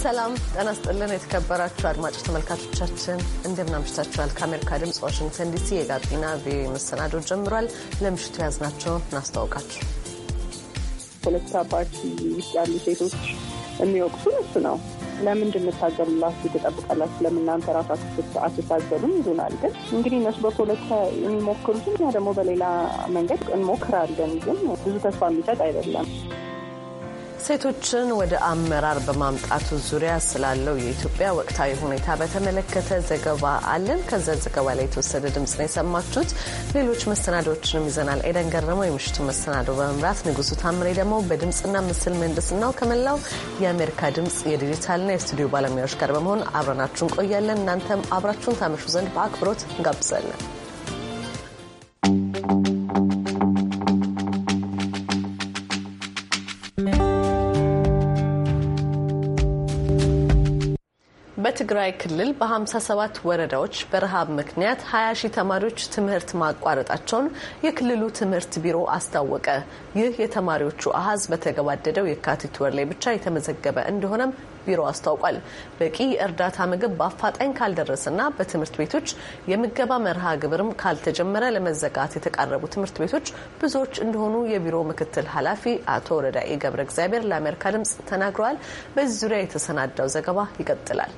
ሰላም ጤና ይስጥልን። የተከበራችሁ አድማጭ ተመልካቾቻችን እንደምን አምሽታችኋል? ከአሜሪካ ድምፅ ዋሽንግተን ዲሲ የጋቢና ቪኦኤ መሰናዶ ጀምሯል። ለምሽቱ ያዝናቸውን እናስታውቃችሁ። ፖለቲካ ፓርቲ ውስጥ ያሉ ሴቶች የሚወቅሱ እሱ ነው። ለምን እንድንታገሉላችሁ ትጠብቃላችሁ? ለምን እናንተ ራሳችሁ አትታገሉም? ይሉናል። ግን እንግዲህ እነሱ በፖለቲካ የሚሞክሩት እኛ ደግሞ በሌላ መንገድ እንሞክራለን። ግን ብዙ ተስፋ የሚሰጥ አይደለም። ሴቶችን ወደ አመራር በማምጣቱ ዙሪያ ስላለው የኢትዮጵያ ወቅታዊ ሁኔታ በተመለከተ ዘገባ አለን። ከዛ ዘገባ ላይ የተወሰደ ድምጽ ነው የሰማችሁት። ሌሎች መሰናዶዎችንም ይዘናል። ኤደን ገረመው የምሽቱን መሰናዶ በመምራት ንጉሱ ታምሬ ደግሞ በድምፅና ምስል ምህንድስናው ከመላው የአሜሪካ ድምፅ የዲጂታልና የስቱዲዮ ባለሙያዎች ጋር በመሆን አብረናችሁ እንቆያለን። እናንተም አብራችሁን ታመሹ ዘንድ በአክብሮት እንጋብዛለን። በትግራይ ክልል በ57 ወረዳዎች በረሃብ ምክንያት 20 ሺህ ተማሪዎች ትምህርት ማቋረጣቸውን የክልሉ ትምህርት ቢሮ አስታወቀ። ይህ የተማሪዎቹ አሀዝ በተገባደደው የካቲት ወር ላይ ብቻ የተመዘገበ እንደሆነም ቢሮ አስታውቋል። በቂ እርዳታ ምግብ በአፋጣኝ ካልደረሰና በትምህርት ቤቶች የምገባ መርሃ ግብርም ካልተጀመረ ለመዘጋት የተቃረቡ ትምህርት ቤቶች ብዙዎች እንደሆኑ የቢሮ ምክትል ኃላፊ አቶ ረዳኤ ገብረ እግዚአብሔር ለአሜሪካ ድምጽ ተናግረዋል። በዚህ ዙሪያ የተሰናዳው ዘገባ ይቀጥላል።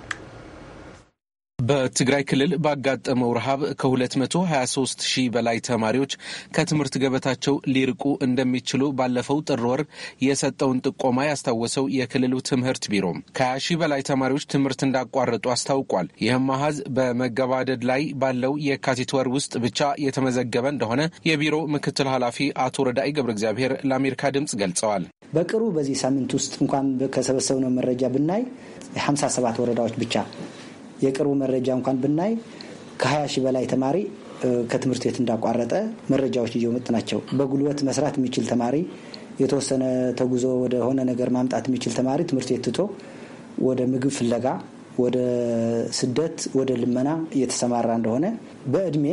በትግራይ ክልል ባጋጠመው ረሃብ ከ223 ሺህ በላይ ተማሪዎች ከትምህርት ገበታቸው ሊርቁ እንደሚችሉ ባለፈው ጥር ወር የሰጠውን ጥቆማ ያስታወሰው የክልሉ ትምህርት ቢሮ ከ20 ሺህ በላይ ተማሪዎች ትምህርት እንዳቋረጡ አስታውቋል። ይህም አሃዝ በመገባደድ ላይ ባለው የካቲት ወር ውስጥ ብቻ የተመዘገበ እንደሆነ የቢሮ ምክትል ኃላፊ አቶ ረዳይ ገብረ እግዚአብሔር ለአሜሪካ ድምፅ ገልጸዋል። በቅርቡ በዚህ ሳምንት ውስጥ እንኳን ከሰበሰብነው መረጃ ብናይ 57 ወረዳዎች ብቻ የቅርቡ መረጃ እንኳን ብናይ ከሀያ ሺህ በላይ ተማሪ ከትምህርት ቤት እንዳቋረጠ መረጃዎች እየመጡ ናቸው። በጉልበት መስራት የሚችል ተማሪ የተወሰነ ተጉዞ ወደ ሆነ ነገር ማምጣት የሚችል ተማሪ ትምህርት ቤት ትቶ ወደ ምግብ ፍለጋ፣ ወደ ስደት፣ ወደ ልመና እየተሰማራ እንደሆነ በእድሜ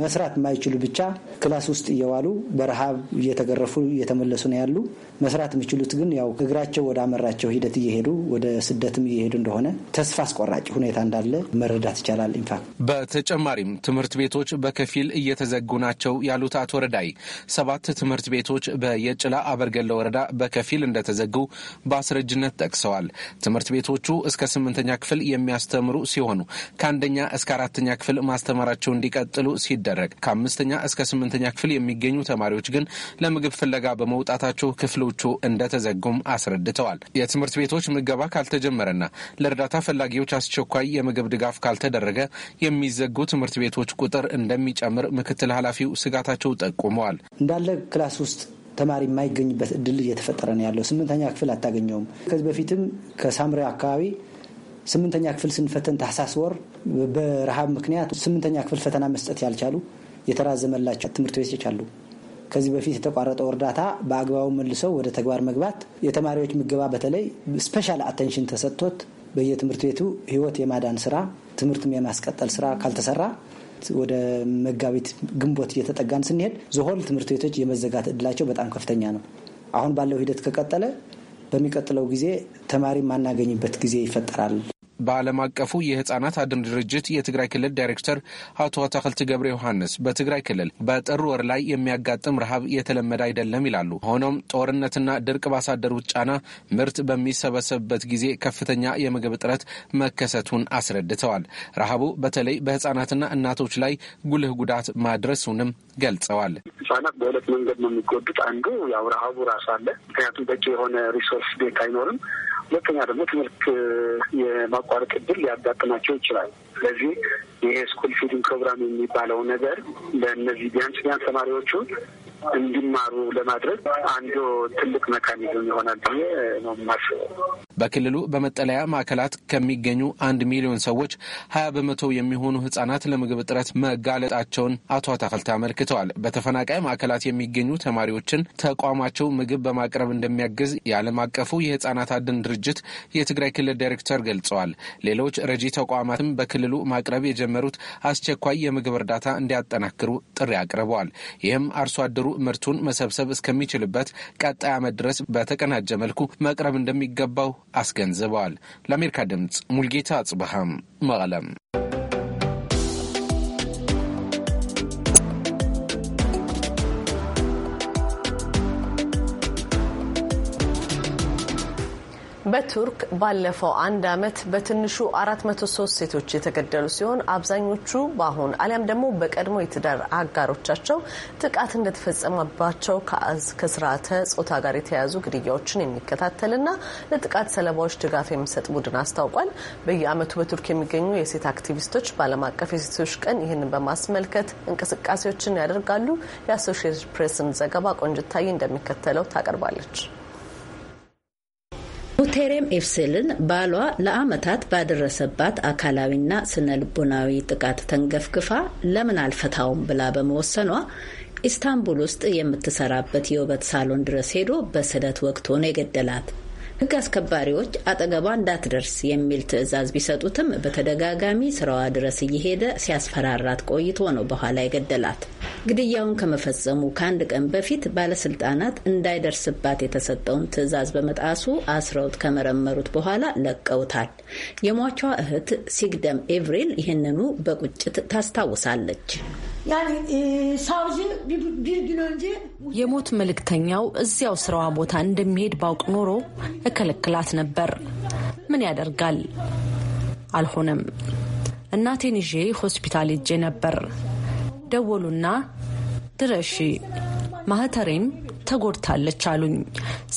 መስራት የማይችሉ ብቻ ክላስ ውስጥ እየዋሉ በረሃብ እየተገረፉ እየተመለሱ ነው ያሉ። መስራት የሚችሉት ግን ያው እግራቸው ወደ አመራቸው ሂደት እየሄዱ ወደ ስደትም እየሄዱ እንደሆነ ተስፋ አስቆራጭ ሁኔታ እንዳለ መረዳት ይቻላል። ኢንፋክት በተጨማሪም ትምህርት ቤቶች በከፊል እየተዘጉ ናቸው ያሉት አቶ ረዳይ ሰባት ትምህርት ቤቶች በየጭላ አበርገለ ወረዳ በከፊል እንደተዘጉ በአስረጅነት ጠቅሰዋል። ትምህርት ቤቶቹ እስከ ስምንተኛ ክፍል የሚያስተምሩ ሲሆኑ ከአንደኛ እስከ አራተኛ ክፍል ማስተማራቸው እንዲቀጥሉ ሲደረግ ከአምስተኛ እስከ ስምንተኛ ክፍል የሚገኙ ተማሪዎች ግን ለምግብ ፍለጋ በመውጣታቸው ክፍሎቹ እንደተዘጉም አስረድተዋል። የትምህርት ቤቶች ምገባ ካልተጀመረና ለእርዳታ ፈላጊዎች አስቸኳይ የምግብ ድጋፍ ካልተደረገ የሚዘጉ ትምህርት ቤቶች ቁጥር እንደሚጨምር ምክትል ኃላፊው ስጋታቸው ጠቁመዋል። እንዳለ ክላስ ውስጥ ተማሪ የማይገኝበት እድል እየተፈጠረ ነው ያለው። ስምንተኛ ክፍል አታገኘውም። ከዚህ በፊትም ከሳምሬ አካባቢ ስምንተኛ ክፍል ስንፈተን ታህሳስ ወር በረሃብ ምክንያት ስምንተኛ ክፍል ፈተና መስጠት ያልቻሉ የተራዘመላቸው ትምህርት ቤቶች አሉ። ከዚህ በፊት የተቋረጠው እርዳታ በአግባቡ መልሰው ወደ ተግባር መግባት፣ የተማሪዎች ምገባ በተለይ ስፔሻል አቴንሽን ተሰጥቶት በየትምህርት ቤቱ ህይወት የማዳን ስራ፣ ትምህርትም የማስቀጠል ስራ ካልተሰራ ወደ መጋቢት ግንቦት እየተጠጋን ስንሄድ ዞሆል ትምህርት ቤቶች የመዘጋት እድላቸው በጣም ከፍተኛ ነው። አሁን ባለው ሂደት ከቀጠለ በሚቀጥለው ጊዜ ተማሪ ማናገኝበት ጊዜ ይፈጠራል በዓለም አቀፉ የህጻናት አድን ድርጅት የትግራይ ክልል ዳይሬክተር አቶ አታክልት ገብረ ዮሐንስ በትግራይ ክልል በጥር ወር ላይ የሚያጋጥም ረሃብ የተለመደ አይደለም ይላሉ። ሆኖም ጦርነትና ድርቅ ባሳደሩት ጫና ምርት በሚሰበሰብበት ጊዜ ከፍተኛ የምግብ እጥረት መከሰቱን አስረድተዋል። ረሃቡ በተለይ በህጻናትና እናቶች ላይ ጉልህ ጉዳት ማድረሱንም ገልጸዋል። ህጻናት በሁለት መንገድ ነው የሚጎዱት። አንዱ ያው ረሃቡ ራሱ አለ። ምክንያቱም በቂ የሆነ ሪሶርስ ቤት አይኖርም። ሁለተኛ ደግሞ ትምህርት የማቋረጥ እድል ሊያጋጥማቸው ይችላል። ስለዚህ ይሄ ስኩል ፊዲንግ ፕሮግራም የሚባለው ነገር ለእነዚህ ቢያንስ ቢያንስ ተማሪዎቹ እንዲማሩ ለማድረግ አንዱ ትልቅ መካኒዝም ይሆናል ብዬ ነው የማስበው። በክልሉ በመጠለያ ማዕከላት ከሚገኙ አንድ ሚሊዮን ሰዎች ሀያ በመቶ የሚሆኑ ህጻናት ለምግብ እጥረት መጋለጣቸውን አቶ አታክልት አመልክተዋል። በተፈናቃይ ማዕከላት የሚገኙ ተማሪዎችን ተቋማቸው ምግብ በማቅረብ እንደሚያግዝ የዓለም አቀፉ የህጻናት አድን ድርጅት የትግራይ ክልል ዳይሬክተር ገልጸዋል። ሌሎች ረጂ ተቋማትም በክልሉ ማቅረብ የጀመሩት አስቸኳይ የምግብ እርዳታ እንዲያጠናክሩ ጥሪ አቅርበዋል። ይህም አርሶ አደሩ ምርቱን መሰብሰብ እስከሚችልበት ቀጣይ ዓመት ድረስ በተቀናጀ መልኩ መቅረብ እንደሚገባው አስገንዝበዋል። ለአሜሪካ ድምፅ ሙልጌታ አጽብሃም መቀለም በቱርክ ባለፈው አንድ ዓመት በትንሹ 403 ሴቶች የተገደሉ ሲሆን አብዛኞቹ በአሁን አሊያም ደግሞ በቀድሞ የትዳር አጋሮቻቸው ጥቃት እንደተፈጸመባቸው ከስርዓተ ጾታ ጋር የተያያዙ ግድያዎችን የሚከታተልና ለጥቃት ሰለባዎች ድጋፍ የሚሰጥ ቡድን አስታውቋል። በየዓመቱ በቱርክ የሚገኙ የሴት አክቲቪስቶች በዓለም አቀፍ የሴቶች ቀን ይህንን በማስመልከት እንቅስቃሴዎችን ያደርጋሉ። የአሶሽየትድ ፕሬስን ዘገባ ቆንጅታይ እንደሚከተለው ታቀርባለች። ቴሬም ኤፍሴልን ባሏ ለአመታት ባደረሰባት አካላዊና ስነ ልቦናዊ ጥቃት ተንገፍግፋ ለምን አልፈታውም ብላ በመወሰኗ ኢስታንቡል ውስጥ የምትሰራበት የውበት ሳሎን ድረስ ሄዶ በስለት ወቅት ሆኖ የገደላት ህግ አስከባሪዎች አጠገቧ እንዳትደርስ የሚል ትዕዛዝ ቢሰጡትም በተደጋጋሚ ስራዋ ድረስ እየሄደ ሲያስፈራራት ቆይቶ ነው በኋላ የገደላት። ግድያውን ከመፈጸሙ ከአንድ ቀን በፊት ባለስልጣናት እንዳይደርስባት የተሰጠውን ትዕዛዝ በመጣሱ አስረውት ከመረመሩት በኋላ ለቀውታል። የሟቿ እህት ሲግደም ኤቭሪል ይህንኑ በቁጭት ታስታውሳለች። የሞት መልእክተኛው እዚያው ስራዋ ቦታ እንደሚሄድ ባውቅ ኖሮ እከለክላት ነበር። ምን ያደርጋል አልሆነም። እናቴን ይዤ ሆስፒታል ሄጄ ነበር። ደወሉና ድረሺ ማህተሬን ተጎድታለች አሉኝ።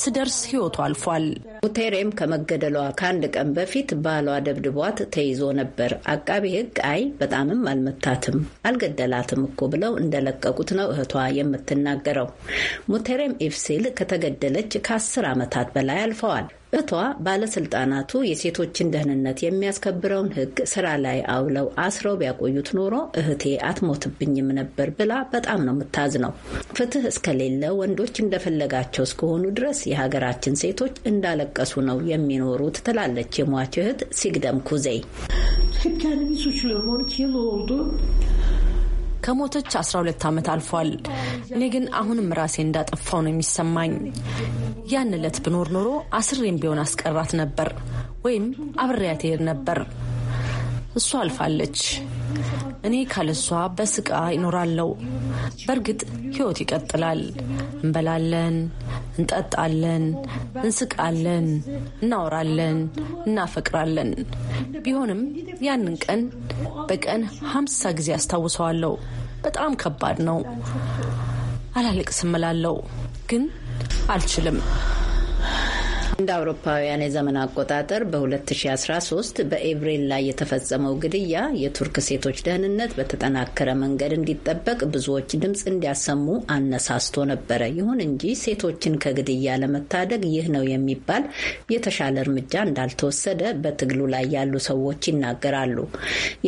ስደርስ ህይወቱ አልፏል። ሙቴሬም ከመገደሏ ከአንድ ቀን በፊት ባሏ ደብድቧት ተይዞ ነበር። አቃቢ ህግ አይ በጣምም አልመታትም አልገደላትም እኮ ብለው እንደለቀቁት ነው እህቷ የምትናገረው። ሙቴሬም ኢፍሲል ከተገደለች ከአስር ዓመታት በላይ አልፈዋል። እቷ ባለስልጣናቱ የሴቶችን ደህንነት የሚያስከብረውን ሕግ ስራ ላይ አውለው አስረው ቢያቆዩት ኖሮ እህቴ አትሞትብኝም ነበር ብላ በጣም ነው የምታዝ ነው። ፍትህ እስከሌለ ወንዶች እንደፈለጋቸው እስከሆኑ ድረስ የሀገራችን ሴቶች እንዳለቀሱ ነው የሚኖሩት ትላለች የሟች እህት ሲግደም ኩዜይ ከሞተች 12 ዓመት አልፏል። እኔ ግን አሁንም ራሴ እንዳጠፋው ነው የሚሰማኝ። ያን ዕለት ብኖር ኖሮ አስሬም ቢሆን አስቀራት ነበር ወይም አብሬያት ሄድ ነበር። እሷ አልፋለች። እኔ ካለሷ በስቃ ይኖራለው። በእርግጥ ህይወት ይቀጥላል። እንበላለን፣ እንጠጣለን፣ እንስቃለን፣ እናወራለን፣ እናፈቅራለን። ቢሆንም ያንን ቀን በቀን ሀምሳ ጊዜ አስታውሰዋለሁ። በጣም ከባድ ነው። አላለቅስም እላለሁ፣ ግን አልችልም። እንደ አውሮፓውያን የዘመን አቆጣጠር በ2013 በኤብሪል ላይ የተፈጸመው ግድያ የቱርክ ሴቶች ደህንነት በተጠናከረ መንገድ እንዲጠበቅ ብዙዎች ድምፅ እንዲያሰሙ አነሳስቶ ነበረ። ይሁን እንጂ ሴቶችን ከግድያ ለመታደግ ይህ ነው የሚባል የተሻለ እርምጃ እንዳልተወሰደ በትግሉ ላይ ያሉ ሰዎች ይናገራሉ።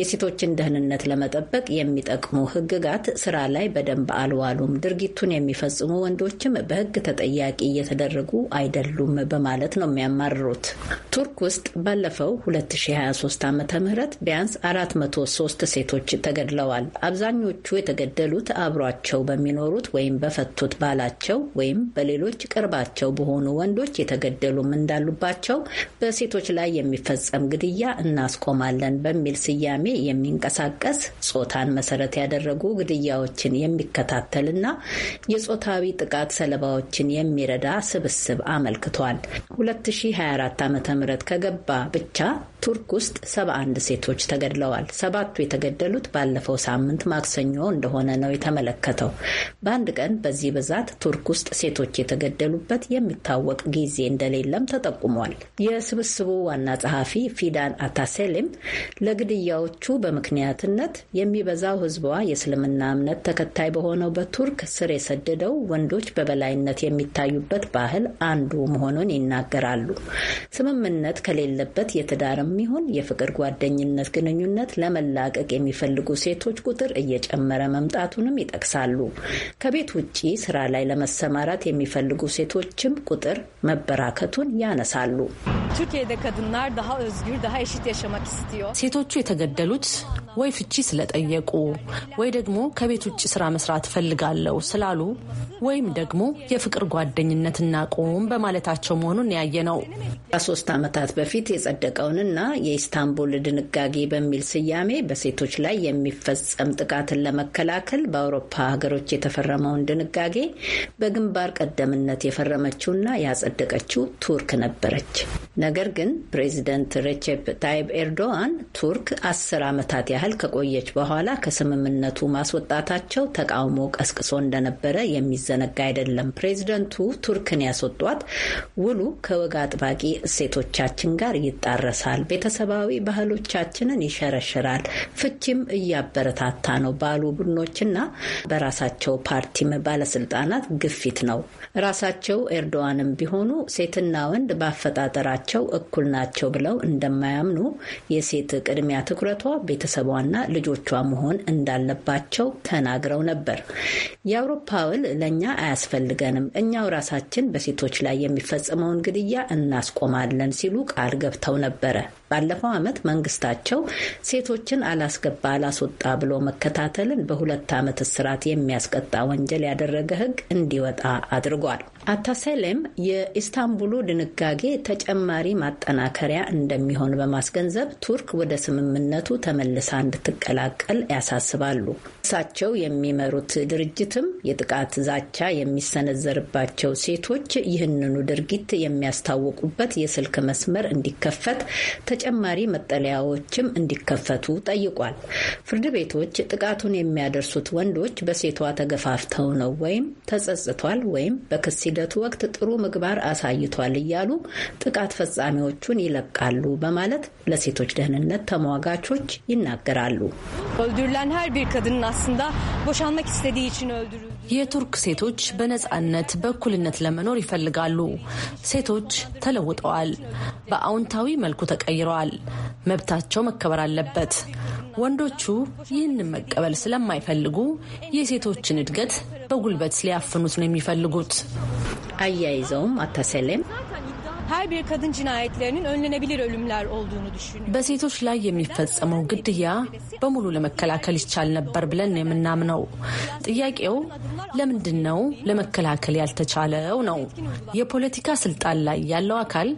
የሴቶችን ደህንነት ለመጠበቅ የሚጠቅሙ ህግጋት ስራ ላይ በደንብ አልዋሉም። ድርጊቱን የሚፈጽሙ ወንዶችም በህግ ተጠያቂ እየተደረጉ አይደሉም በማለት በማለት ነው የሚያማርሩት። ቱርክ ውስጥ ባለፈው 2023 ዓ ም ቢያንስ 403 ሴቶች ተገድለዋል። አብዛኞቹ የተገደሉት አብሯቸው በሚኖሩት ወይም በፈቱት ባላቸው ወይም በሌሎች ቅርባቸው በሆኑ ወንዶች የተገደሉም እንዳሉባቸው በሴቶች ላይ የሚፈጸም ግድያ እናስቆማለን በሚል ስያሜ የሚንቀሳቀስ ጾታን መሰረት ያደረጉ ግድያዎችን የሚከታተልና የጾታዊ ጥቃት ሰለባዎችን የሚረዳ ስብስብ አመልክቷል። 2024 ዓ.ም ከገባ ብቻ ቱርክ ውስጥ 71 ሴቶች ተገድለዋል። ሰባቱ የተገደሉት ባለፈው ሳምንት ማክሰኞ እንደሆነ ነው የተመለከተው። በአንድ ቀን በዚህ ብዛት ቱርክ ውስጥ ሴቶች የተገደሉበት የሚታወቅ ጊዜ እንደሌለም ተጠቁሟል። የስብስቡ ዋና ጸሐፊ ፊዳን አታሴሊም ለግድያዎቹ በምክንያትነት የሚበዛው ህዝቧ የእስልምና እምነት ተከታይ በሆነው በቱርክ ስር የሰደደው ወንዶች በበላይነት የሚታዩበት ባህል አንዱ መሆኑን ይናል ይናገራሉ። ስምምነት ከሌለበት የትዳርም ይሁን የፍቅር ጓደኝነት ግንኙነት ለመላቀቅ የሚፈልጉ ሴቶች ቁጥር እየጨመረ መምጣቱንም ይጠቅሳሉ። ከቤት ውጭ ስራ ላይ ለመሰማራት የሚፈልጉ ሴቶችም ቁጥር መበራከቱን ያነሳሉ። ሴቶቹ የተገደሉት ወይ ፍቺ ስለጠየቁ ወይ ደግሞ ከቤት ውጭ ስራ መስራት እፈልጋለሁ ስላሉ ወይም ደግሞ የፍቅር ጓደኝነት እናቆም በማለታቸው መሆኑን መሆኑን ያየ ነው። ከሶስት ዓመታት በፊት የጸደቀውንና የኢስታንቡል ድንጋጌ በሚል ስያሜ በሴቶች ላይ የሚፈጸም ጥቃትን ለመከላከል በአውሮፓ ሀገሮች የተፈረመውን ድንጋጌ በግንባር ቀደምነት የፈረመችውና ያጸደቀችው ቱርክ ነበረች። ነገር ግን ፕሬዚደንት ሬቼፕ ታይብ ኤርዶዋን ቱርክ አስር ዓመታት ያህል ከቆየች በኋላ ከስምምነቱ ማስወጣታቸው ተቃውሞ ቀስቅሶ እንደነበረ የሚዘነጋ አይደለም። ፕሬዚደንቱ ቱርክን ያስወጧት ውሉ ከወግ አጥባቂ እሴቶቻችን ጋር ይጣረሳል፣ ቤተሰባዊ ባህሎቻችንን ይሸረሽራል፣ ፍቺም እያበረታታ ነው ባሉ ቡድኖችና በራሳቸው ፓርቲም ባለስልጣናት ግፊት ነው። ራሳቸው ኤርዶዋንም ቢሆኑ ሴትና ወንድ በአፈጣጠራቸው እኩል ናቸው ብለው እንደማያምኑ የሴት ቅድሚያ ትኩረቷ ቤተሰቧና ልጆቿ መሆን እንዳለባቸው ተናግረው ነበር። የአውሮፓ ውል ለእኛ አያስፈልገንም፣ እኛው ራሳችን በሴቶች ላይ የሚፈጽመውን የሕፃናቱን ግድያ እናስቆማለን ሲሉ ቃል ገብተው ነበረ። ባለፈው ዓመት መንግስታቸው ሴቶችን አላስገባ አላስወጣ ብሎ መከታተልን በሁለት ዓመት እስራት የሚያስቀጣ ወንጀል ያደረገ ሕግ እንዲወጣ አድርጓል። አታሰሌም የኢስታንቡሉ ድንጋጌ ተጨማሪ ማጠናከሪያ እንደሚሆን በማስገንዘብ ቱርክ ወደ ስምምነቱ ተመልሳ እንድትቀላቀል ያሳስባሉ። እሳቸው የሚመሩት ድርጅትም የጥቃት ዛቻ የሚሰነዘርባቸው ሴቶች ይህንኑ ድርጊት የሚያስታውቁበት የስልክ መስመር እንዲከፈት፣ ተጨማሪ መጠለያዎችም እንዲከፈቱ ጠይቋል። ፍርድ ቤቶች ጥቃቱን የሚያደርሱት ወንዶች በሴቷ ተገፋፍተው ነው ወይም ተጸጽቷል ወይም በክስ ሂደቱ ወቅት ጥሩ ምግባር አሳይቷል እያሉ ጥቃት ፈጻሚዎቹን ይለቃሉ በማለት ለሴቶች ደህንነት ተሟጋቾች ይናገራሉ። የቱርክ ሴቶች በነጻነት በእኩልነት ለመኖር ይፈልጋሉ። ሴቶች ተለውጠዋል፣ በአዎንታዊ መልኩ ተቀይረዋል። መብታቸው መከበር አለበት። ወንዶቹ ይህንን መቀበል ስለማይፈልጉ የሴቶችን እድገት በጉልበት ሊያፍኑት ነው የሚፈልጉት። አያይዘውም አታሰሌም her bir kadın cinayetlerinin önlenebilir ölümler olduğunu düşünüyorum. በሴቶች ላይ የሚፈጸመው ግድያ በሙሉ ለመከላከል ይቻል ነበር ብለን የምናምነው። ጥያቄው ለምንድን ነው ለመከላከል ያልተቻለው ነው። የፖለቲካ ስልጣን ላይ ያለው አካል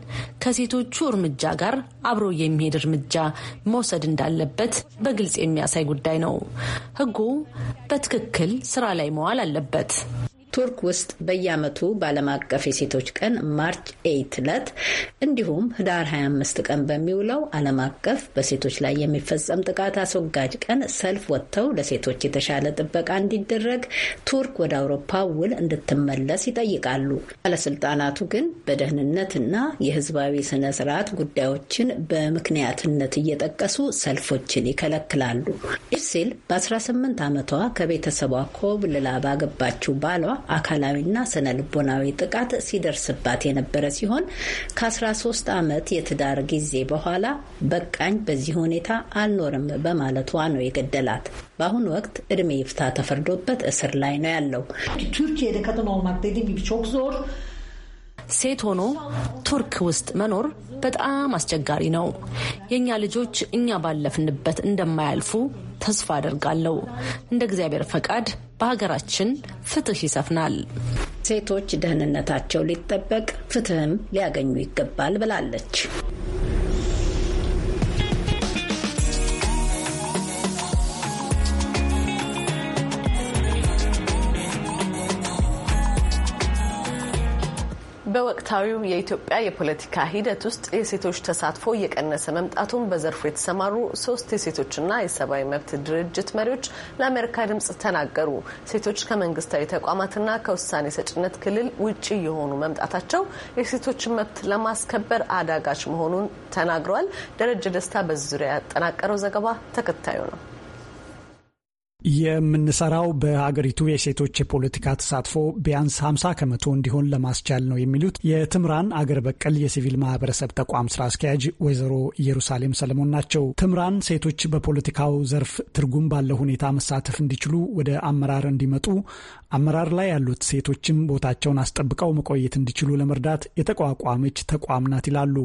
ከሴቶቹ እርምጃ ጋር አብሮ የሚሄድ እርምጃ መውሰድ እንዳለበት በግልጽ የሚያሳይ ጉዳይ ነው። ሕጉ በትክክል ስራ ላይ መዋል አለበት። ቱርክ ውስጥ በየዓመቱ በዓለም አቀፍ የሴቶች ቀን ማርች ኤይት ዕለት እንዲሁም ህዳር 25 ቀን በሚውለው ዓለም አቀፍ በሴቶች ላይ የሚፈጸም ጥቃት አስወጋጅ ቀን ሰልፍ ወጥተው ለሴቶች የተሻለ ጥበቃ እንዲደረግ ቱርክ ወደ አውሮፓ ውል እንድትመለስ ይጠይቃሉ። ባለስልጣናቱ ግን በደህንነትና የህዝባዊ ስነ ስርዓት ጉዳዮችን በምክንያትነት እየጠቀሱ ሰልፎችን ይከለክላሉ። ኢርሴል በ18 ዓመቷ ከቤተሰቧ ኮብልላ ባገባችው ባሏ አካላዊና ስነ ልቦናዊ ጥቃት ሲደርስባት የነበረ ሲሆን ከ13 ዓመት የትዳር ጊዜ በኋላ በቃኝ፣ በዚህ ሁኔታ አልኖርም በማለቷ ነው የገደላት። በአሁኑ ወቅት እድሜ ይፍታ ተፈርዶበት እስር ላይ ነው ያለው። ሴት ሆኖ ቱርክ ውስጥ መኖር በጣም አስቸጋሪ ነው። የእኛ ልጆች እኛ ባለፍንበት እንደማያልፉ ተስፋ አደርጋለሁ። እንደ እግዚአብሔር ፈቃድ በሀገራችን ፍትህ ይሰፍናል። ሴቶች ደህንነታቸው ሊጠበቅ ፍትህም ሊያገኙ ይገባል ብላለች። በወቅታዊው የኢትዮጵያ የፖለቲካ ሂደት ውስጥ የሴቶች ተሳትፎ እየቀነሰ መምጣቱን በዘርፉ የተሰማሩ ሶስት የሴቶችና የሰብአዊ መብት ድርጅት መሪዎች ለአሜሪካ ድምጽ ተናገሩ። ሴቶች ከመንግስታዊ ተቋማትና ከውሳኔ ሰጭነት ክልል ውጪ የሆኑ መምጣታቸው የሴቶችን መብት ለማስከበር አዳጋች መሆኑን ተናግረዋል። ደረጀ ደስታ በዙሪያ ያጠናቀረው ዘገባ ተከታዩ ነው። የምንሰራው በሀገሪቱ የሴቶች የፖለቲካ ተሳትፎ ቢያንስ 50 ከመቶ እንዲሆን ለማስቻል ነው የሚሉት የትምራን አገር በቀል የሲቪል ማህበረሰብ ተቋም ስራ አስኪያጅ ወይዘሮ ኢየሩሳሌም ሰለሞን ናቸው። ትምራን ሴቶች በፖለቲካው ዘርፍ ትርጉም ባለው ሁኔታ መሳተፍ እንዲችሉ ወደ አመራር እንዲመጡ፣ አመራር ላይ ያሉት ሴቶችም ቦታቸውን አስጠብቀው መቆየት እንዲችሉ ለመርዳት የተቋቋመች ተቋም ናት ይላሉ።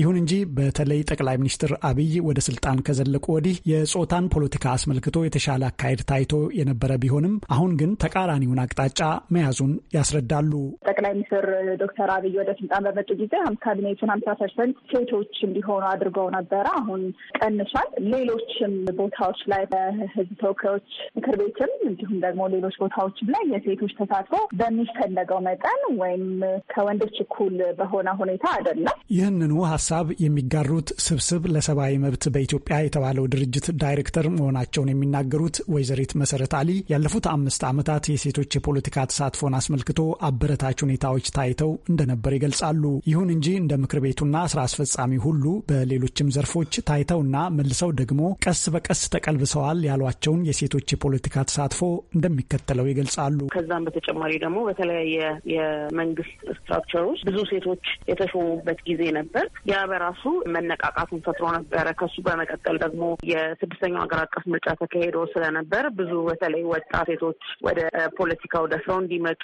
ይሁን እንጂ በተለይ ጠቅላይ ሚኒስትር አብይ ወደ ስልጣን ከዘለቁ ወዲህ የጾታን ፖለቲካ አስመልክቶ የተሻለ አካሄድ ሲካሄድ ታይቶ የነበረ ቢሆንም አሁን ግን ተቃራኒውን አቅጣጫ መያዙን ያስረዳሉ። ጠቅላይ ሚኒስትር ዶክተር አብይ ወደ ስልጣን በመጡ ጊዜ ካቢኔቱን ሀምሳ ፐርሰንት ሴቶች እንዲሆኑ አድርገው ነበረ። አሁን ቀንሷል። ሌሎችም ቦታዎች ላይ በህዝብ ተወካዮች ምክር ቤትም እንዲሁም ደግሞ ሌሎች ቦታዎችም ላይ የሴቶች ተሳትፎ በሚፈለገው መጠን ወይም ከወንዶች እኩል በሆነ ሁኔታ አይደለም። ይህንኑ ሀሳብ የሚጋሩት ስብስብ ለሰብአዊ መብት በኢትዮጵያ የተባለው ድርጅት ዳይሬክተር መሆናቸውን የሚናገሩት ወይዘሪት መሰረት አሊ ያለፉት አምስት ዓመታት የሴቶች የፖለቲካ ተሳትፎን አስመልክቶ አበረታች ሁኔታዎች ታይተው እንደነበር ይገልጻሉ። ይሁን እንጂ እንደ ምክር ቤቱና ስራ አስፈጻሚ ሁሉ በሌሎችም ዘርፎች ታይተውና መልሰው ደግሞ ቀስ በቀስ ተቀልብሰዋል ያሏቸውን የሴቶች የፖለቲካ ተሳትፎ እንደሚከተለው ይገልጻሉ። ከዛም በተጨማሪ ደግሞ በተለያየ የመንግስት ስትራክቸሮች ብዙ ሴቶች የተሾሙበት ጊዜ ነበር። ያ በራሱ መነቃቃቱን ፈጥሮ ነበረ። ከሱ በመቀጠል ደግሞ የስድስተኛው ሀገር አቀፍ ምርጫ ተካሄዶ ስለነበር ነበር። ብዙ በተለይ ወጣት ሴቶች ወደ ፖለቲካው ደፍረው እንዲመጡ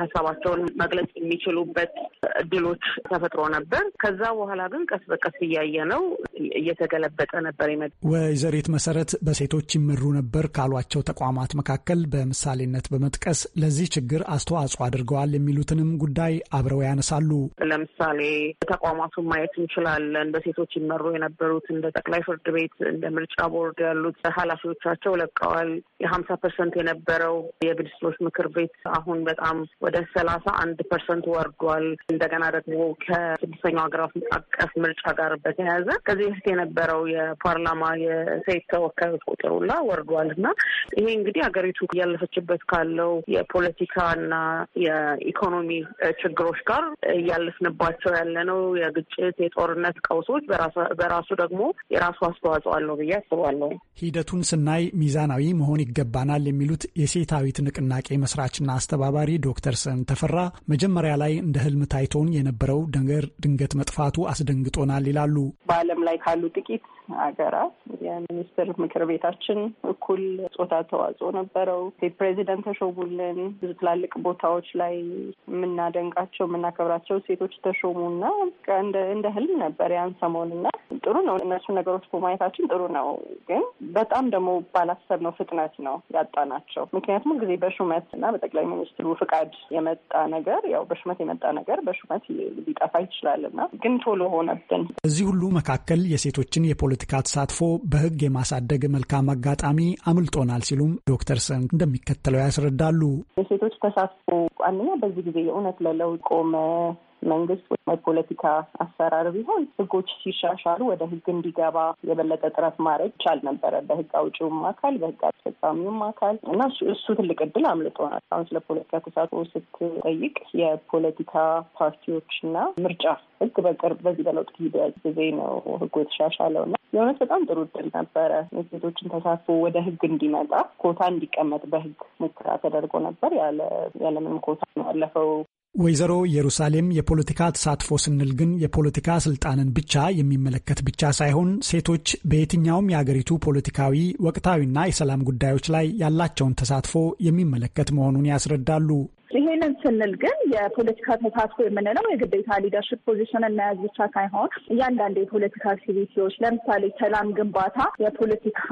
ሀሳባቸውን መግለጽ የሚችሉበት እድሎች ተፈጥሮ ነበር። ከዛ በኋላ ግን ቀስ በቀስ እያየ ነው እየተገለበጠ ነበር። ወይዘሪት መሰረት በሴቶች ይመሩ ነበር ካሏቸው ተቋማት መካከል በምሳሌነት በመጥቀስ ለዚህ ችግር አስተዋጽኦ አድርገዋል የሚሉትንም ጉዳይ አብረው ያነሳሉ። ለምሳሌ ተቋማቱን ማየት እንችላለን። በሴቶች ይመሩ የነበሩት እንደ ጠቅላይ ፍርድ ቤት፣ እንደ ምርጫ ቦርድ ያሉት ኃላፊዎቻቸው ለቀዋል። አድርገዋል። የሀምሳ ፐርሰንት የነበረው የሚኒስትሮች ምክር ቤት አሁን በጣም ወደ ሰላሳ አንድ ፐርሰንት ወርዷል። እንደገና ደግሞ ከስድስተኛው ሀገራት አቀፍ ምርጫ ጋር በተያያዘ ከዚህ በፊት የነበረው የፓርላማ የሴት ተወካዮች ቁጥር ሁላ ወርዷል እና ይሄ እንግዲህ ሀገሪቱ እያለፈችበት ካለው የፖለቲካና የኢኮኖሚ ችግሮች ጋር እያለፍንባቸው ያለነው የግጭት የጦርነት ቀውሶች በራሱ ደግሞ የራሱ አስተዋጽኦ አለው ብዬ አስባለሁ። ሂደቱን ስናይ ሚዛናዊ ተግባራዊ መሆን ይገባናል የሚሉት የሴታዊት ንቅናቄ መስራችና አስተባባሪ ዶክተር ስን ተፈራ መጀመሪያ ላይ እንደ ህልም ታይቶን የነበረው ነገር ድንገት መጥፋቱ አስደንግጦናል ይላሉ። በዓለም ላይ ካሉ ጥቂት ሀገራት የሚኒስትር ምክር ቤታችን እኩል ጾታ ተዋጽኦ ነበረው። ፕሬዚደንት ተሾሙልን። ብዙ ትላልቅ ቦታዎች ላይ የምናደንቃቸው የምናከብራቸው ሴቶች ተሾሙና እንደ ህልም ነበር ያን ሰሞንና ጥሩ ነው። እነሱ ነገሮች በማየታችን ጥሩ ነው። ግን በጣም ደግሞ ባላሰብነው ፍጥነት ነው ያጣናቸው። ምክንያቱም ጊዜ በሹመት እና በጠቅላይ ሚኒስትሩ ፍቃድ የመጣ ነገር ያው በሹመት የመጣ ነገር በሹመት ሊጠፋ ይችላል እና ግን ቶሎ ሆነብን። በዚህ ሁሉ መካከል የሴቶችን የፖለ የፖለቲካ ተሳትፎ በህግ የማሳደግ መልካም አጋጣሚ አምልጦናል ሲሉም ዶክተር ሰን እንደሚከተለው ያስረዳሉ። የሴቶች ተሳትፎ አንደኛ በዚህ ጊዜ የእውነት ለለውጥ ቆመ መንግስት ወይም የፖለቲካ አሰራር ቢሆን ህጎች ሲሻሻሉ ወደ ህግ እንዲገባ የበለጠ ጥረት ማድረግ ይቻል ነበረ በህግ አውጪውም አካል በህግ አስፈጻሚውም አካል እና እሱ ትልቅ እድል አምልጦናል። አሁን ስለ ፖለቲካ ተሳትፎ ስትጠይቅ የፖለቲካ ፓርቲዎችና ምርጫ ህግ በቅርብ በዚህ በለውጥ ጊዜ ነው ህጉ የተሻሻለው እና የእውነት በጣም ጥሩ እድል ነበረ። የሴቶችን ተሳትፎ ወደ ህግ እንዲመጣ ኮታ እንዲቀመጥ በህግ ሙከራ ተደርጎ ነበር። ያለምንም ኮታ ነው ያለፈው ወይዘሮ ኢየሩሳሌም የፖለቲካ ተሳትፎ ስንል ግን የፖለቲካ ስልጣንን ብቻ የሚመለከት ብቻ ሳይሆን ሴቶች በየትኛውም የአገሪቱ ፖለቲካዊ፣ ወቅታዊና የሰላም ጉዳዮች ላይ ያላቸውን ተሳትፎ የሚመለከት መሆኑን ያስረዳሉ። ይሄንን ስንል ግን የፖለቲካ ተሳትፎ የምንለው የግዴታ ሊደርሽፕ ፖዚሽን እናያዝ ብቻ ሳይሆን እያንዳንዱ የፖለቲካ አክቲቪቲዎች ለምሳሌ ሰላም ግንባታ የፖለቲካ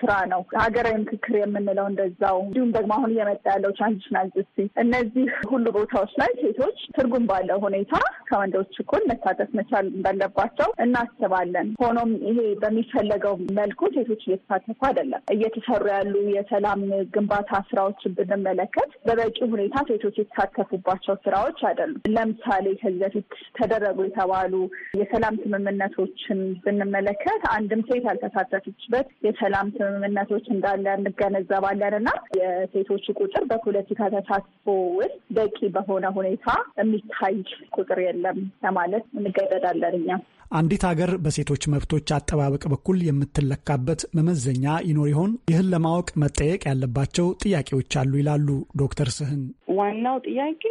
ስራ ነው። ሀገራዊ ምክክር የምንለው እንደዛው፣ እንዲሁም ደግሞ አሁን እየመጣ ያለው ትራንዚሽናል ጀስቲስ፣ እነዚህ ሁሉ ቦታዎች ላይ ሴቶች ትርጉም ባለው ሁኔታ ከወንዶች እኩል መሳተፍ መቻል እንዳለባቸው እናስባለን። ሆኖም ይሄ በሚፈለገው መልኩ ሴቶች እየተሳተፉ አይደለም። እየተሰሩ ያሉ የሰላም ግንባታ ስራዎች ብንመለከት በበቂ ሁኔታ ሴቶች ሴቶች የተሳተፉባቸው ስራዎች አይደሉም። ለምሳሌ ከዚህ በፊት ተደረጉ የተባሉ የሰላም ስምምነቶችን ብንመለከት አንድም ሴት ያልተሳተፈችበት የሰላም ስምምነቶች እንዳለ እንገነዘባለን እና የሴቶቹ ቁጥር በፖለቲካ ተሳትፎ ውስጥ በቂ በሆነ ሁኔታ የሚታይ ቁጥር የለም ለማለት እንገደዳለን እኛም። አንዲት ሀገር በሴቶች መብቶች አጠባበቅ በኩል የምትለካበት መመዘኛ ይኖር ይሆን? ይህን ለማወቅ መጠየቅ ያለባቸው ጥያቄዎች አሉ ይላሉ ዶክተር ስህን። ዋናው ጥያቄ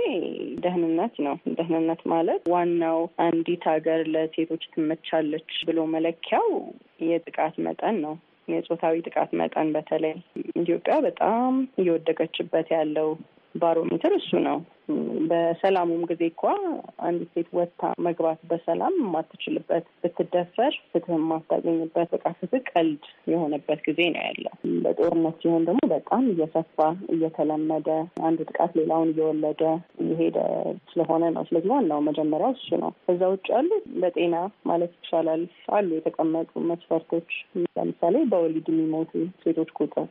ደህንነት ነው። ደህንነት ማለት ዋናው አንዲት ሀገር ለሴቶች ትመቻለች ብሎ መለኪያው የጥቃት መጠን ነው። የጾታዊ ጥቃት መጠን በተለይ ኢትዮጵያ በጣም እየወደቀችበት ያለው ባሮሜትር እሱ ነው። በሰላሙም ጊዜ እኳ አንዲት ሴት ወታ መግባት በሰላም የማትችልበት ብትደፈር ፍትህ የማታገኝበት በቃ ፍትህ ቀልድ የሆነበት ጊዜ ነው ያለው። በጦርነት ሲሆን ደግሞ በጣም እየሰፋ እየተለመደ አንዱ ጥቃት ሌላውን እየወለደ እየሄደ ስለሆነ ነው። ስለዚህ ዋናው መጀመሪያው እሱ ነው። እዛ ውጭ ያሉ በጤና ማለት ይቻላል አሉ የተቀመጡ መስፈርቶች። ለምሳሌ በወሊድ የሚሞቱ ሴቶች ቁጥር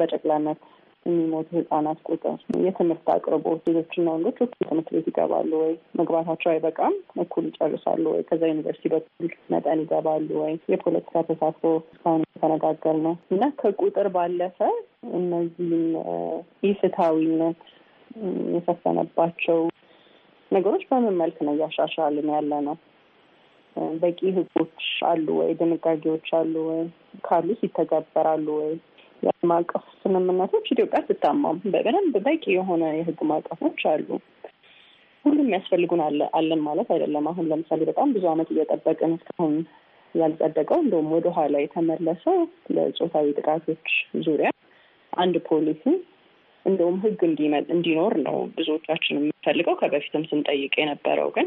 በጨቅላነት የሚሞቱ ህጻናት ቁጥር፣ የትምህርት አቅርቦት፣ ልጆችና ወንዶች እኩል ትምህርት ቤት ይገባሉ ወይ? መግባታቸው አይበቃም፣ እኩል ይጨርሳሉ ወይ? ከዛ ዩኒቨርሲቲ በኩል መጠን ይገባሉ ወይ? የፖለቲካ ተሳትፎ እስካሁን የተነጋገር ነው እና ከቁጥር ባለፈ እነዚህም ኢፍትሐዊነት የሰፈነባቸው ነገሮች በምን መልክ ነው እያሻሻልን ያለ ነው? በቂ ህጎች አሉ ወይ? ድንጋጌዎች አሉ ወይ? ካሉስ ይተገበራሉ ወይ? የዓለም አቀፍ ስምምነቶች ኢትዮጵያ ስታማም በደንብ በቂ የሆነ የህግ ማዕቀፎች አሉ። ሁሉም የሚያስፈልጉን አለን ማለት አይደለም። አሁን ለምሳሌ በጣም ብዙ አመት እየጠበቅን እስካሁን ያልጸደቀው እንደውም ወደኋላ የተመለሰው ለጾታዊ ጥቃቶች ዙሪያ አንድ ፖሊሲ እንደውም ህግ እንዲኖር ነው ብዙዎቻችን የምንፈልገው ከበፊትም ስንጠይቅ የነበረው ግን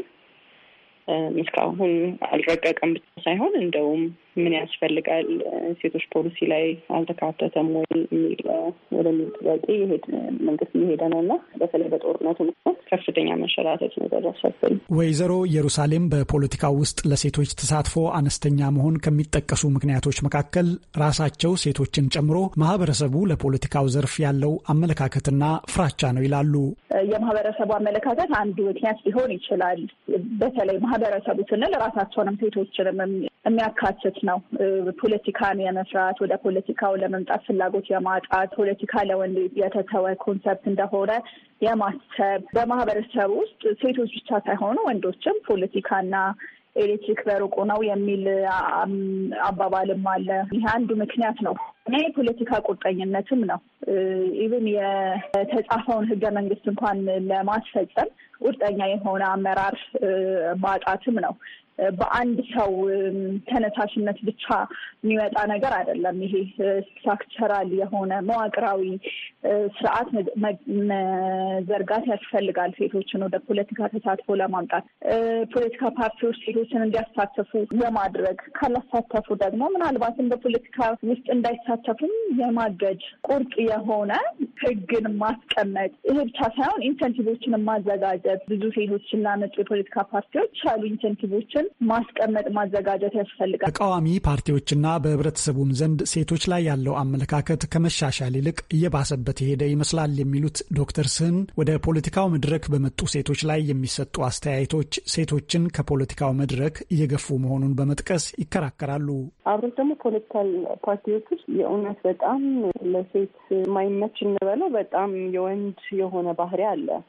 እስካሁን አልረቀቀም ብቻ ሳይሆን እንደውም ምን ያስፈልጋል፣ ሴቶች ፖሊሲ ላይ አልተካተተም ወይ የሚል ወደሚል ጥያቄ መንግስት እየሄደ ነው እና በተለይ በጦርነቱ ምክንያት ከፍተኛ መሸራተት ነው ደረሰብን። ወይዘሮ ኢየሩሳሌም በፖለቲካ ውስጥ ለሴቶች ተሳትፎ አነስተኛ መሆን ከሚጠቀሱ ምክንያቶች መካከል ራሳቸው ሴቶችን ጨምሮ ማህበረሰቡ ለፖለቲካው ዘርፍ ያለው አመለካከትና ፍራቻ ነው ይላሉ። የማህበረሰቡ አመለካከት አንዱ ምክንያት ሊሆን ይችላል። በተለይ ማህበረሰቡ ስንል ራሳቸውንም ሴቶችንም የሚያካትት ነው። ፖለቲካን የመስራት ወደ ፖለቲካው ለመምጣት ፍላጎት የማጣት ፖለቲካ ለወንድ የተተወ ኮንሰፕት እንደሆነ የማሰብ በማህበረሰብ ውስጥ ሴቶች ብቻ ሳይሆኑ ወንዶችም ፖለቲካና ኤሌክትሪክ በሩቁ ነው የሚል አባባልም አለ። ይህ አንዱ ምክንያት ነው እኔ የፖለቲካ ቁርጠኝነትም ነው። ኢቭን የተጻፈውን ህገ መንግስት እንኳን ለማስፈጸም ቁርጠኛ የሆነ አመራር ማጣትም ነው። በአንድ ሰው ተነሳሽነት ብቻ የሚመጣ ነገር አይደለም። ይሄ ስትራክቸራል የሆነ መዋቅራዊ ስርዓት መዘርጋት ያስፈልጋል። ሴቶችን ወደ ፖለቲካ ተሳትፎ ለማምጣት ፖለቲካ ፓርቲዎች ሴቶችን እንዲያሳተፉ የማድረግ ካላሳተፉ ደግሞ ምናልባትም በፖለቲካ ውስጥ እንዳይሳተፉም የማገድ ቁርጥ የሆነ ህግን ማስቀመጥ ይሄ ብቻ ሳይሆን ኢንሴንቲቮችን ማዘጋጀት ብዙ ሴቶችን ላመጡ የፖለቲካ ፓርቲዎች ያሉ ኢንሴንቲቮችን ሀሳብን ማስቀመጥ ማዘጋጀት ያስፈልጋል። ተቃዋሚ ፓርቲዎችና በህብረተሰቡም ዘንድ ሴቶች ላይ ያለው አመለካከት ከመሻሻል ይልቅ እየባሰበት የሄደ ይመስላል የሚሉት ዶክተር ስህን ወደ ፖለቲካው መድረክ በመጡ ሴቶች ላይ የሚሰጡ አስተያየቶች ሴቶችን ከፖለቲካው መድረክ እየገፉ መሆኑን በመጥቀስ ይከራከራሉ። አብረት ደግሞ ፖለቲካል ፓርቲዎች ውስጥ የእውነት በጣም ለሴት ማይመች እንበለው በጣም የወንድ የሆነ ባህሪ አለ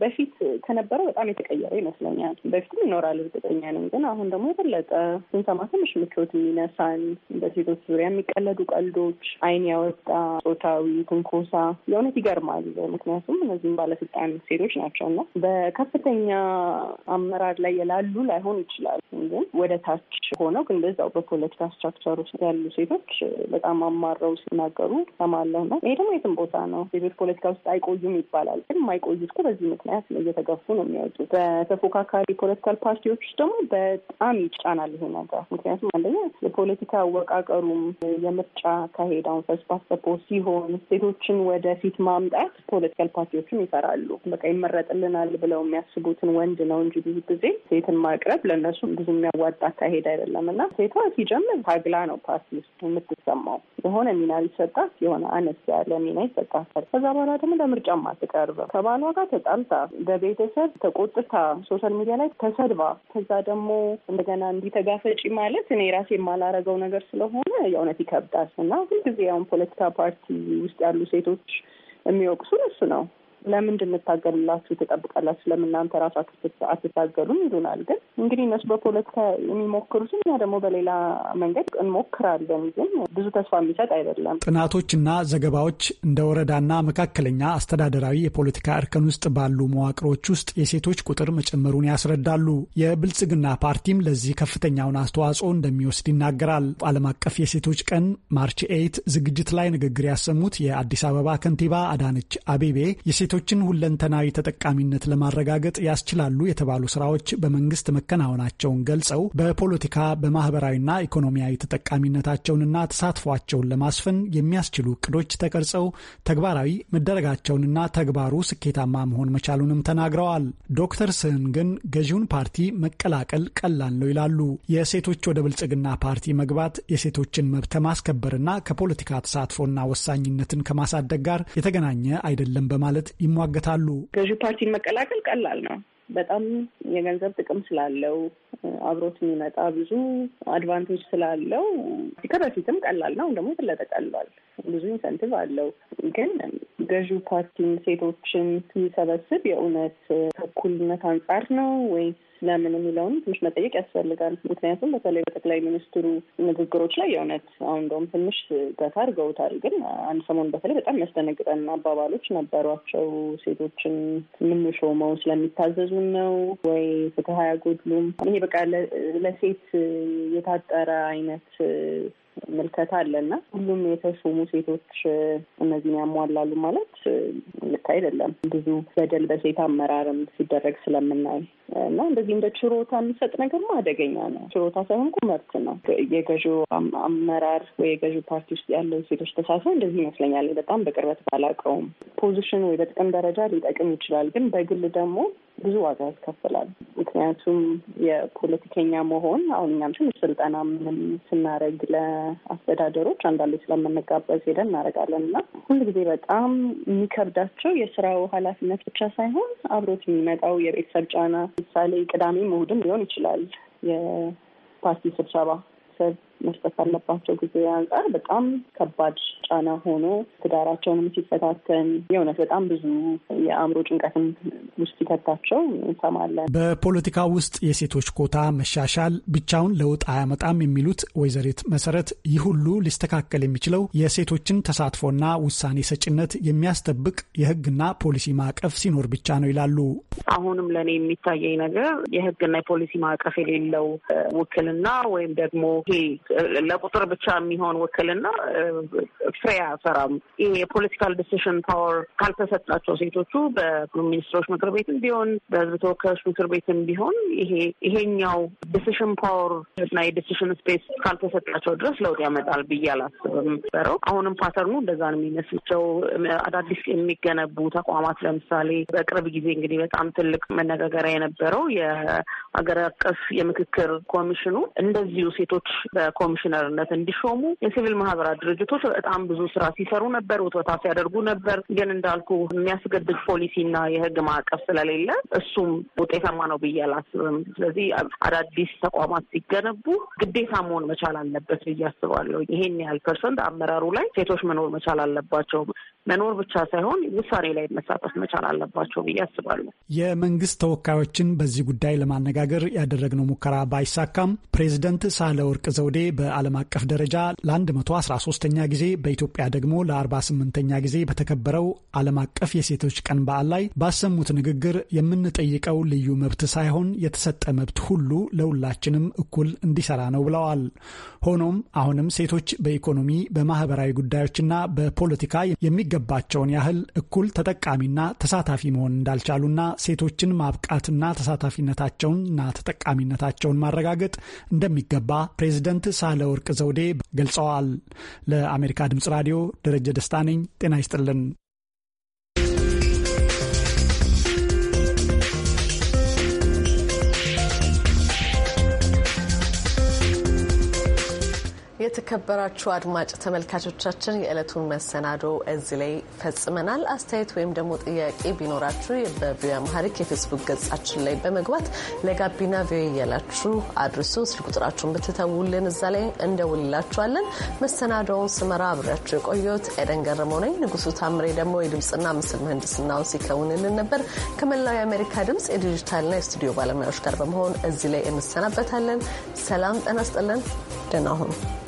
በፊት ከነበረው በጣም የተቀየረ ይመስለኛል። በፊትም ይኖራል እርግጠኛ ነኝ፣ ግን አሁን ደግሞ የበለጠ ስንሰማ ትንሽ ምቾት የሚነሳን በሴቶች ዙሪያ የሚቀለዱ ቀልዶች፣ አይን ያወጣ ጾታዊ ትንኮሳ የእውነት ይገርማል። ምክንያቱም እነዚህም ባለስልጣን ሴቶች ናቸው እና በከፍተኛ አመራር ላይ የላሉ ላይሆን ይችላል ግን ወደ ታች ሆነው ግን በዛው በፖለቲካ ስትራክቸር ውስጥ ያሉ ሴቶች በጣም አማረው ሲናገሩ ሰማለሁ ነው። ይሄ ደግሞ የትም ቦታ ነው። ሴቶች ፖለቲካ ውስጥ አይቆዩም ይባላል። ግን የማይቆዩት እኮ በዚህ ምክንያት ነው። እየተገፉ ነው የሚወጡት። በተፎካካሪ ፖለቲካል ፓርቲዎች ውስጥ ደግሞ በጣም ይጫናል ይሄ ነገር። ምክንያቱም አንደኛ የፖለቲካ አወቃቀሩም የምርጫ ካሄዳውን ፈስ ሲሆን ሴቶችን ወደፊት ማምጣት ፖለቲካል ፓርቲዎችም ይሰራሉ። በቃ ይመረጥልናል ብለው የሚያስቡትን ወንድ ነው እንጂ ብዙ ጊዜ ሴትን ማቅረብ ለእነሱ ብዙ የሚያዋጣ አካሄድ አይደለም እና ሴቷ ሲጀምር ታግላ ነው ፓርቲ ውስጥ የምትሰማው። የሆነ ሚና ሊሰጣት የሆነ አነስ ያለ ሚና ይሰጣታል። ከዛ በኋላ ደግሞ ለምርጫ አትቀርብም። ከባሏ ጋር ተጣልታ፣ በቤተሰብ ተቆጥታ፣ ሶሻል ሚዲያ ላይ ተሰድባ፣ ከዛ ደግሞ እንደገና እንዲተጋፈጪ ማለት እኔ ራሴ የማላረገው ነገር ስለሆነ የእውነት ይከብዳል እና ሁልጊዜ ያሁን ፖለቲካ ፓርቲ ውስጥ ያሉ ሴቶች የሚወቅሱን እሱ ነው። ለምን እንድንታገልላችሁ ትጠብቃላችሁ? ለምን እናንተ ራሳችሁ አትታገሉም? ይሉናል። ግን እንግዲህ እነሱ በፖለቲካ የሚሞክሩት እኛ ደግሞ በሌላ መንገድ እንሞክራለን። ግን ብዙ ተስፋ የሚሰጥ አይደለም። ጥናቶችና ዘገባዎች እንደ ወረዳና መካከለኛ አስተዳደራዊ የፖለቲካ እርከን ውስጥ ባሉ መዋቅሮች ውስጥ የሴቶች ቁጥር መጨመሩን ያስረዳሉ። የብልጽግና ፓርቲም ለዚህ ከፍተኛውን አስተዋጽኦ እንደሚወስድ ይናገራል። ዓለም አቀፍ የሴቶች ቀን ማርች ኤይት ዝግጅት ላይ ንግግር ያሰሙት የአዲስ አበባ ከንቲባ አዳነች አቤቤ የሴቶችን ሁለንተናዊ ተጠቃሚነት ለማረጋገጥ ያስችላሉ የተባሉ ስራዎች በመንግስት መከናወናቸውን ገልጸው በፖለቲካ በማህበራዊና ኢኮኖሚያዊ ተጠቃሚነታቸውንና ተሳትፏቸውን ለማስፈን የሚያስችሉ እቅዶች ተቀርጸው ተግባራዊ መደረጋቸውንና ተግባሩ ስኬታማ መሆን መቻሉንም ተናግረዋል። ዶክተር ስህን ግን ገዢውን ፓርቲ መቀላቀል ቀላል ነው ይላሉ። የሴቶች ወደ ብልጽግና ፓርቲ መግባት የሴቶችን መብት ማስከበርና ከፖለቲካ ተሳትፎና ወሳኝነትን ከማሳደግ ጋር የተገናኘ አይደለም በማለት ይሟገታሉ። ገዢ ፓርቲን መቀላቀል ቀላል ነው። በጣም የገንዘብ ጥቅም ስላለው አብሮት የሚመጣ ብዙ አድቫንቴጅ ስላለው ከበፊትም ቀላል ነው። ደግሞ የበለጠ ቀሏል። ብዙ ኢንሰንቲቭ አለው። ግን ገዢው ፓርቲን ሴቶችን ሲሰበስብ የእውነት እኩልነት አንጻር ነው ወይስ ለምን የሚለውን ትንሽ መጠየቅ ያስፈልጋል። ምክንያቱም በተለይ በጠቅላይ ሚኒስትሩ ንግግሮች ላይ የእውነት አሁን እንደውም ትንሽ ገታ አድርገውታል። ግን አንድ ሰሞን በተለይ በጣም ያስደነግጠን አባባሎች ነበሯቸው። ሴቶችን የምንሾመው ስለሚታዘዙ ነው ወይ ፍትህ አያጎድሉም? ይሄ በቃ ለሴት የታጠረ አይነት አለ አለና ሁሉም የተሾሙ ሴቶች እነዚህን ያሟላሉ ማለት ልክ አይደለም። ብዙ በደል በሴት አመራርም ሲደረግ ስለምናይ እና እንደዚህ እንደ ችሮታ የሚሰጥ ነገር አደገኛ ነው። ችሮታ ሳይሆን ቁመርት ነው። የገዢ አመራር ወይ የገዢ ፓርቲ ውስጥ ያለው ሴቶች ተሳሳይ እንደዚህ ይመስለኛል። በጣም በቅርበት ባላውቀውም ፖዚሽን ወይ በጥቅም ደረጃ ሊጠቅም ይችላል። ግን በግል ደግሞ ብዙ ዋጋ ያስከፍላል። ምክንያቱም የፖለቲከኛ መሆን አሁን እኛም ትንሽ ስልጠና ምንም ስናደርግ ለአስተዳደሮች አንዳንዴ ስለምንጋበዝ ሄደን እናደርጋለን እና ጊዜ በጣም የሚከብዳቸው የስራው ኃላፊነት ብቻ ሳይሆን አብሮት የሚመጣው የቤተሰብ ጫና፣ ምሳሌ ቅዳሜም እሑድም ሊሆን ይችላል የፓርቲ ስብሰባ መስጠት ካለባቸው ጊዜ አንጻር በጣም ከባድ ጫና ሆኖ ትዳራቸውንም ሲፈታተን የእውነት በጣም ብዙ የአእምሮ ጭንቀትም ውስጥ ይከታቸው እንሰማለን። በፖለቲካ ውስጥ የሴቶች ኮታ መሻሻል ብቻውን ለውጥ አያመጣም የሚሉት ወይዘሪት መሰረት ይህ ሁሉ ሊስተካከል የሚችለው የሴቶችን ተሳትፎና ውሳኔ ሰጭነት የሚያስጠብቅ የህግና ፖሊሲ ማዕቀፍ ሲኖር ብቻ ነው ይላሉ። አሁንም ለእኔ የሚታየኝ ነገር የህግና የፖሊሲ ማዕቀፍ የሌለው ውክልና ወይም ደግሞ ለቁጥር ብቻ የሚሆን ውክልና ፍሬ አያሰራም። ይሄ የፖለቲካል ዲሲሽን ፓወር ካልተሰጣቸው ሴቶቹ በሚኒስትሮች ምክር ቤትም ቢሆን በህዝብ ተወካዮች ምክር ቤትም ቢሆን ይሄ ይሄኛው ዲሲሽን ፓወር እና የዲሲሽን ስፔስ ካልተሰጣቸው ድረስ ለውጥ ያመጣል ብዬ አላስብም። በረው አሁንም ፓተርኑ እንደዛ ነው የሚመስልቸው። አዳዲስ የሚገነቡ ተቋማት ለምሳሌ በቅርብ ጊዜ እንግዲህ በጣም ትልቅ መነጋገሪያ የነበረው የሀገር አቀፍ የምክክር ኮሚሽኑ እንደዚሁ ሴቶች ኮሚሽነርነት እንዲሾሙ የሲቪል ማህበራት ድርጅቶች በጣም ብዙ ስራ ሲሰሩ ነበር፣ ውትወታ ሲያደርጉ ነበር። ግን እንዳልኩ የሚያስገድድ ፖሊሲና የህግ ማዕቀፍ ስለሌለ እሱም ውጤታማ ነው ብዬ አላስብም። ስለዚህ አዳዲስ ተቋማት ሲገነቡ ግዴታ መሆን መቻል አለበት ብዬ አስባለሁ። ይሄን ያህል ፐርሰንት አመራሩ ላይ ሴቶች መኖር መቻል አለባቸው። መኖር ብቻ ሳይሆን ውሳኔ ላይ መሳተፍ መቻል አለባቸው ብዬ አስባለሁ። የመንግስት ተወካዮችን በዚህ ጉዳይ ለማነጋገር ያደረግነው ሙከራ ባይሳካም ፕሬዚደንት ሳህለወርቅ ዘውዴ በዓለም አቀፍ ደረጃ ለ113ኛ ጊዜ በኢትዮጵያ ደግሞ ለ48ኛ ጊዜ በተከበረው ዓለም አቀፍ የሴቶች ቀን በዓል ላይ ባሰሙት ንግግር የምንጠይቀው ልዩ መብት ሳይሆን የተሰጠ መብት ሁሉ ለሁላችንም እኩል እንዲሰራ ነው ብለዋል። ሆኖም አሁንም ሴቶች በኢኮኖሚ በማህበራዊ ጉዳዮችና በፖለቲካ የሚገባቸውን ያህል እኩል ተጠቃሚና ተሳታፊ መሆን እንዳልቻሉና ሴቶችን ማብቃትና ተሳታፊነታቸውንና ተጠቃሚነታቸውን ማረጋገጥ እንደሚገባ ፕሬዚደንት ሳህለ ወርቅ ዘውዴ ገልጸዋል። ለአሜሪካ ድምፅ ራዲዮ ደረጀ ደስታ ነኝ። ጤና ይስጥልን። የተከበራችሁ አድማጭ ተመልካቾቻችን የዕለቱን መሰናዶ እዚህ ላይ ፈጽመናል። አስተያየት ወይም ደግሞ ጥያቄ ቢኖራችሁ በቪኦኤ አማርኛ የፌስቡክ ገጻችን ላይ በመግባት ለጋቢና ቪኦኤ እያላችሁ አድርሱ። ስልክ ቁጥራችሁን ብትተውልን እዛ ላይ እንደውልላችኋለን። መሰናዶውን ስመራ አብሬያችሁ የቆየሁት ኤደን ገረመው ነኝ። ንጉሱ ታምሬ ደግሞ የድምፅና ምስል ምህንድስናውን ሲከውንልን ነበር። ከመላው የአሜሪካ ድምፅ የዲጂታልና የስቱዲዮ ባለሙያዎች ጋር በመሆን እዚህ ላይ እንሰናበታለን። ሰላም ጠናስጠለን ደህና